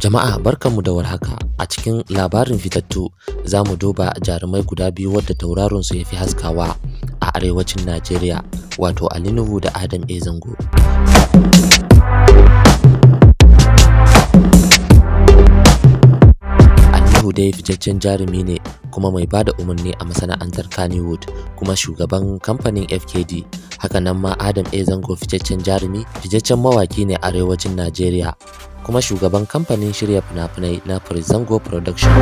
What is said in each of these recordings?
Jama'a barkanmu da warhaka a cikin labarin fitattu za mu duba jarumai guda biyu wadda su ya fi haskawa a arewacin Najeriya wato Alinuhu da Adam A. Zango. Alinuhu dai fitaccen jarumi ne kuma mai ba da umarni a masana'antar Kannywood kuma shugaban kamfanin FKD. haka nan ma Adam A. Zango fitaccen jarumi, fitaccen mawaki ne a arewacin Najeriya. kuma shugaban kamfanin shirya fina-finai na Prezango Production.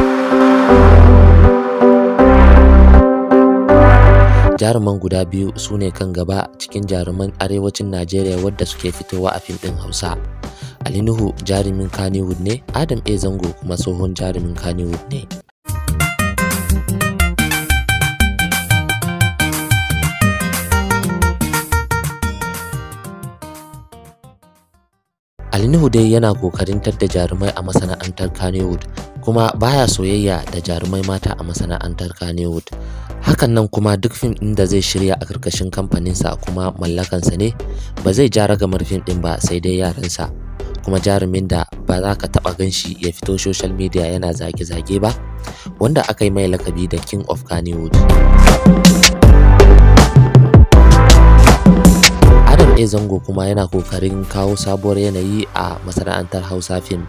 Jaruman guda biyu su ne kan gaba cikin jaruman arewacin Najeriya wadda suke fitowa a fim ɗin Hausa. Ali Nuhu jarumin Kannywood ne, Adam A. Zango kuma tsohon jarumin Kannywood ne. Nuhu dai yana kokarin da jarumai a masana'antar Kannywood kuma baya soyayya da jarumai mata a masana'antar Kannywood. Hakan nan kuma duk fim ɗin da zai shirya a ƙarƙashin kamfaninsa kuma mallakansa ne ba zai ja ragamar fim ɗin ba sai dai yaransa. Kuma jarumin da ba za ka taɓa gan shi ya fito social media yana zage-zage ba, wanda aka yi mai lakabi da King of Kannywood. zango kuma yana kokarin kawo sabuwar yanayi a masana'antar Hausa fim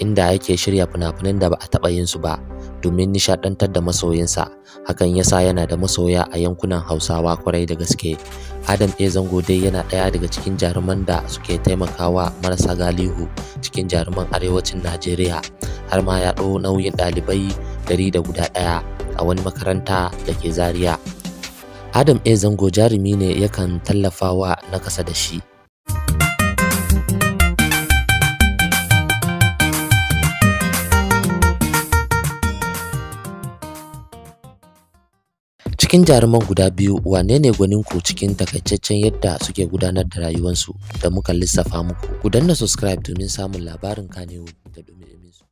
inda yake shirya fina-finan da ba a taɓa yin su ba domin nishaɗantar da masoyinsa hakan yasa yana da masoya a yankunan Hausawa kwarai da gaske Adam A Zango dai yana ɗaya daga cikin jaruman da suke taimakawa marasa galihu cikin jaruman arewacin Najeriya har ma ya ɗau nauyin ɗalibai ɗari da guda ɗaya a wani makaranta da ke Zaria. Adam A Zango jarumi ne yakan wa na kasa da shi. Cikin jaruman guda biyu wane ne gwaninku cikin takaicaccen yadda suke gudanar da rayuwarsu da muka lissafa muku. Ku danna subscribe domin samun labarin kanewu da domin su.